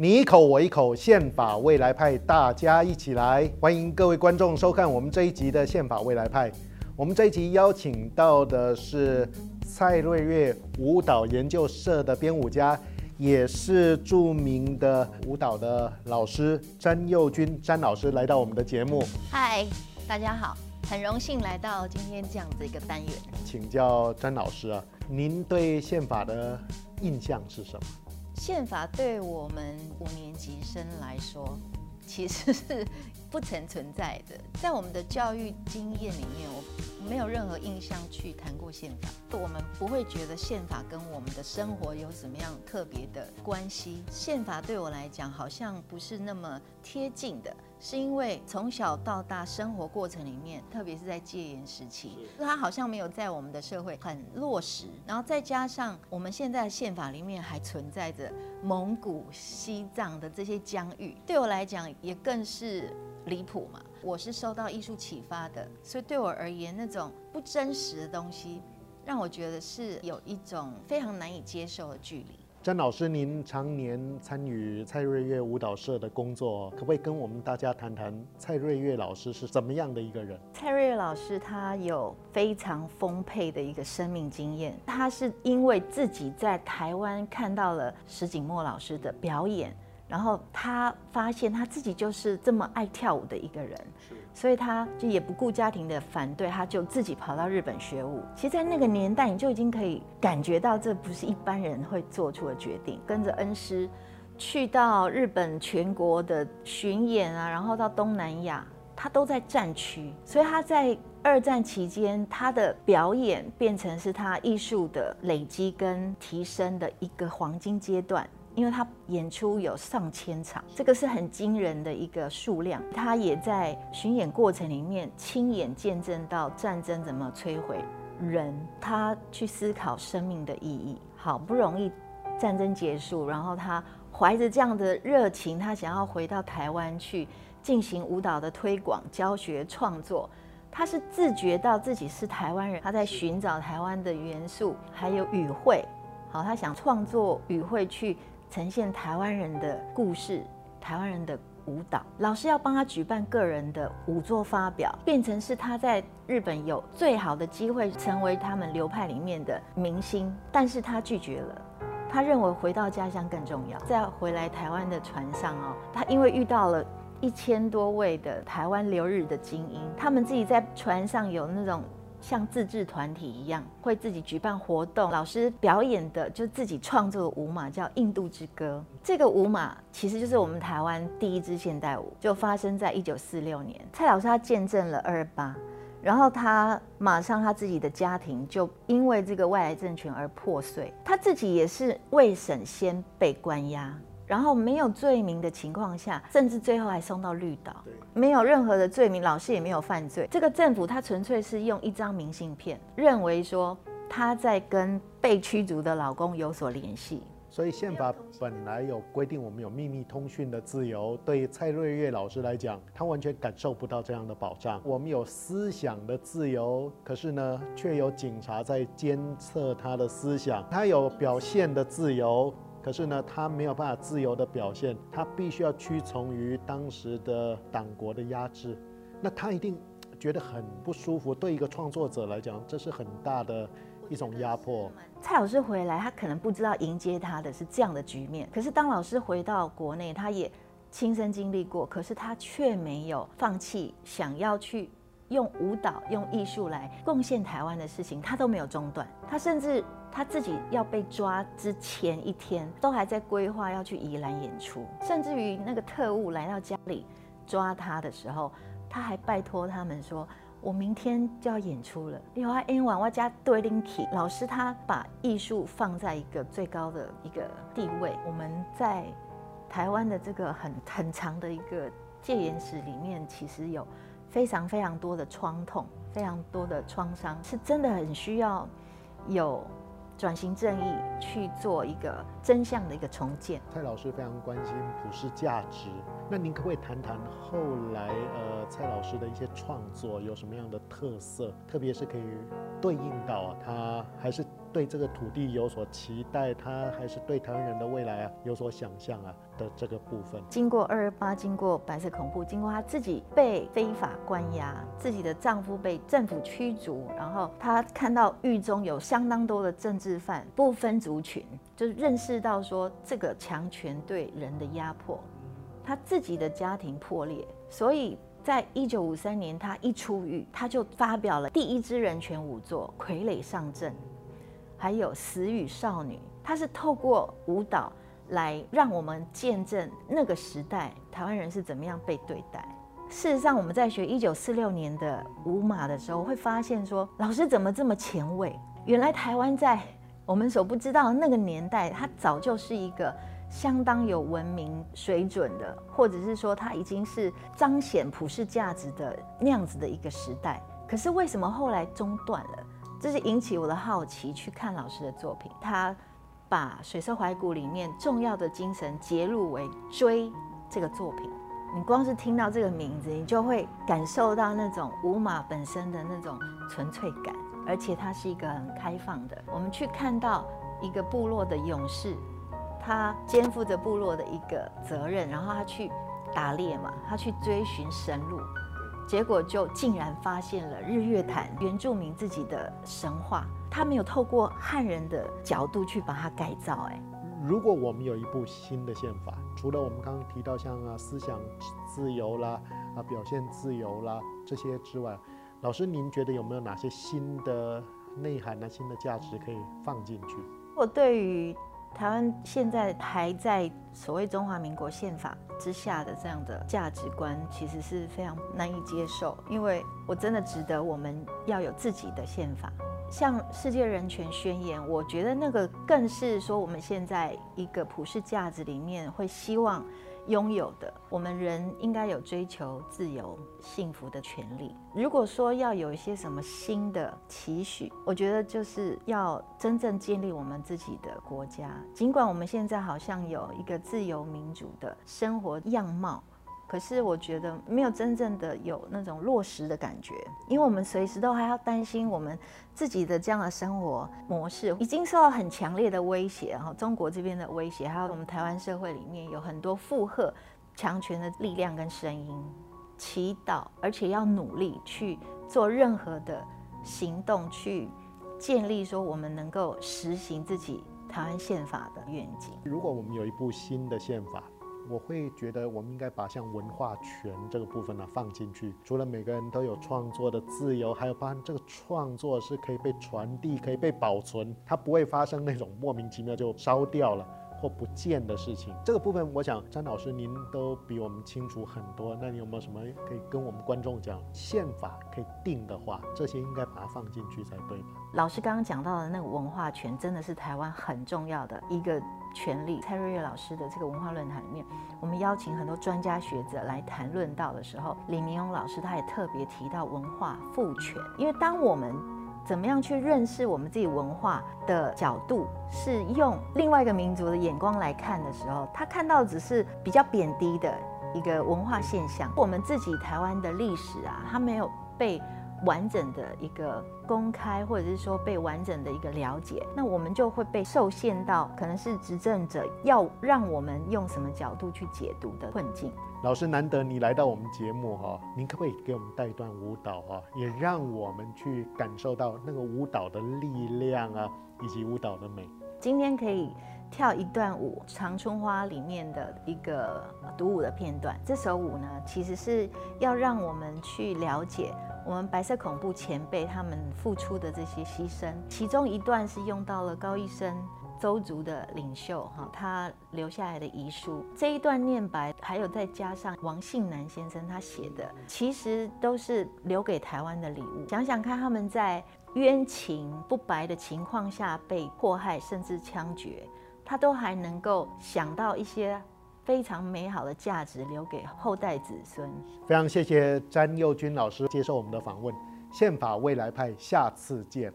你一口我一口，憲法未來派，大家一起來！歡迎各位觀眾收看我們這一集的憲法未來派。我們這一集邀請到的是蔡瑞月舞蹈研究社的編舞家，也是著名的舞蹈的老師詹幼君詹老師來到我們的節目。嗨，大家好，很榮幸來到今天這樣子一個單元。請教詹老師啊，您對憲法的印象是什麼？憲法對我們五年級生來說，其實是不曾存在的。在我們的教育經驗裡面，我沒有任何印象去談過憲法，我們不會覺得憲法跟我們的生活有什麼樣特別的關係。憲法對我來講好像不是那麼貼近的，是因為從小到大生活過程裡面，特別是在戒嚴時期，它好像沒有在我們的社會很落實。然後再加上我們現在的憲法裡面還存在着蒙古、西藏的這些疆域，對我來講也更是離譜嘛。我是受到藝術啟發的，所以對我而言，那種不真實的東西，讓我覺得是有一種非常難以接受的距離。詹老師，您常年參與蔡瑞月舞蹈社的工作，可不可以跟我們大家談談蔡瑞月老師是怎麼樣的一個人？蔡瑞月老師，他有非常豐沛的一個生命經驗。他是因為自己在台灣看到了石井漠老師的表演。然後他發現他自己就是這麼愛跳舞的一個人，所以他就也不顧家庭的反對，他就自己跑到日本學舞。其實，在那個年代，你就已經可以感覺到，這不是一般人會做出的決定。跟着恩師去到日本全國的巡演啊，然後到東南亞，他都在戰區，所以他在二戰期間，他的表演變成是他藝術的累積跟提升的一個黃金階段。因為他演出有上千場，這個是很驚人的一個數量。他也在巡演過程裡面親眼見證到戰爭怎麼摧毀人，他去思考生命的意義。好不容易戰爭結束，然後他懷着這樣的熱情，他想要回到台灣去進行舞蹈的推廣、教學、創作。他是自覺到自己是台灣人，他在尋找台灣的元素，還有語彙。好，他想創作語彙去，呈現台灣人的故事，台灣人的舞蹈。老師要幫他舉辦個人的舞作發表，變成是他在日本有最好的機會成為他們流派裡面的明星，但是他拒絕了。他認為回到家鄉更重要。在回來台灣的船上哦，他因為遇到了一千多位的台灣留日的精英，他們自己在船上有那種。像自治團體一樣，會自己舉辦活動。老師表演的就自己創作的舞碼，叫《印度之歌》。這個舞碼其實就是我們台灣第一支現代舞，就發生在一九四六年。蔡老師他見證了二二八，然後他馬上他自己的家庭就因為這個外來政權而破碎。他自己也是未審先被關押。然後沒有罪名的情況下，甚至最後還送到綠島，對沒有任何的罪名，老師也沒有犯罪。這個政府他純粹是用一張明信片，認為說他在跟被驅逐的老公有所聯繫。所以憲法本來有規定，我們有秘密通訊的自由。對於蔡瑞月老師來講，他完全感受不到這樣的保障。我們有思想的自由，可是呢，卻有警察在監測他的思想。他有表現的自由。可是呢，他沒有辦法自由的表現，他必須要屈從於當時的黨國的壓制，那他一定覺得很不舒服。對一個創作者來講，這是很大的一種壓迫。我覺得是。蔡老師回來，他可能不知道迎接他的是這樣的局面。可是當老師回到國內，他也親身經歷過，可是他卻沒有放棄想要去用舞蹈、用藝術來貢獻台灣的事情，他都沒有中斷。他甚至。他自己要被抓之前一天，都還在規劃要去宜蘭演出，甚至於那個特務來到家裡抓他的時候，他還拜託他們說：“我明天就要演出了。”有啊，因為要家對林奇老師，他把藝術放在一個最高的一個地位。我們在台灣的這個很很長的一個戒嚴史裡面，其實有非常非常多的創痛，非常多的創傷，是真的很需要有。轉型正義去做一個真相的一個重建，蔡老師非常關心普世價值，那您可不可以談談後來呃，蔡老師的一些創作有什麼樣的特色，特別是可以對應到啊他還是對這個土地有所期待，他還是對台灣人的未來啊有所想象啊的這個部分。經過二二八，經過白色恐怖，經過她自己被非法關押，自己的丈夫被政府驅逐，然後她看到獄中有相當多的政治犯，不分族群，就是認識到說這個強權對人的壓迫。他自己的家庭破裂，所以在一九五三年他一出獄，他就發表了第一支人權舞作《傀儡上陣》。還有《死與少女》，它是透過舞蹈來讓我們見證那個時代台灣人是怎麼樣被對待。事實上，我們在學一九四六年的舞馬的時候，會發現說，老師怎麼這麼前衛？原來台灣在我們所不知道的那個年代，它早就是一個相當有文明水準的，或者是說它已經是彰顯普世價值的那樣子的一個時代。可是為什麼後來中斷了？這是引起我的好奇，去看老師的作品。他把《水色懷古》裡面重要的精神結入為“追”這個作品。你光是聽到這個名字，你就會感受到那種舞碼本身的那種純粹感，而且它是一個很開放的。我們去看到一個部落的勇士，他肩負着部落的一個責任，然後他去打獵嘛，他去追尋神路。結果就竟然發現了日月潭原住民自己的神話，他沒有透過漢人的角度去把它改造。哎，如果我們有一部新的憲法，除了我們剛剛提到像啊思想自由啦、啊表現自由啦這些之外，老師您覺得有沒有哪些新的內涵呢、啊？新的價值可以放進去？我對於。台灣現在還在所謂中華民國憲法之下的這樣的價值觀，其實是非常難以接受。因為我真的覺得我們要有自己的憲法。像世界人權宣言，我覺得那個更是說我們現在一個普世價值裡面會希望擁有的。我們人應該有追求自由、幸福的權利。如果說要有一些什麼新的期許，我覺得就是要真正建立我們自己的國家。儘管我們現在好像有一個自由民主的生活樣貌。可是我覺得沒有真正的有那種落實的感覺，因為我們隨時都還要擔心我們自己的這樣的生活模式已經受到很強烈的威脅哈，中國這邊的威脅，還有我們台灣社會裡面有很多附和強權的力量跟聲音，祈禱，而且要努力去做任何的行動，去建立說我們能夠實行自己台灣憲法的願景。如果我們有一部新的憲法。我會覺得，我們應該把像文化權這個部分呢、啊、放進去。除了每個人都有創作的自由，還有包含這個創作是可以被傳遞、可以被保存，它不會發生那種莫名其妙就燒掉了。或不見的事情，這個部分我想詹老師您都比我們清楚很多。那你有沒有什麼可以跟我們觀眾講？憲法可以定的話，這些應該把它放進去才對吧？老師剛剛講到的那個文化權，真的是台灣很重要的一個權利。蔡瑞月老師的這個文化論壇裡面，我們邀請很多專家學者來談論到的時候，李明勇老師他也特別提到文化賦權，因為當我們怎麼樣去認識我們自己文化的角度，是用另外一個民族的眼光來看的時候，他看到只是比較貶低的一個文化現象。我們自己台灣的歷史啊，它沒有被完整的一個公開，或者是說被完整的一個了解，那我們就會被受限到，可能是執政者要讓我們用什麼角度去解讀的困境。老師難得你來到我們節目哈、哦，您可不可以給我們帶一段舞蹈哈、哦，也讓我們去感受到那個舞蹈的力量啊，以及舞蹈的美。今天可以跳一段舞《長春花》裡面的一個獨舞的片段。這首舞呢，其實是要讓我們去了解。我們白色恐怖前輩他們付出的這些犧牲，其中一段是用到了高一生，鄒族的領袖哈，他留下來的遺書這一段念白，還有再加上王信南先生他寫的，其實都是留給台灣的禮物。想想看，他們在冤情不白的情況下被迫害，甚至槍決，他都還能夠想到一些非常美好的價值留給後代子孫。非常謝謝詹幼君老師接受我們的訪問。憲法未來派，下次見。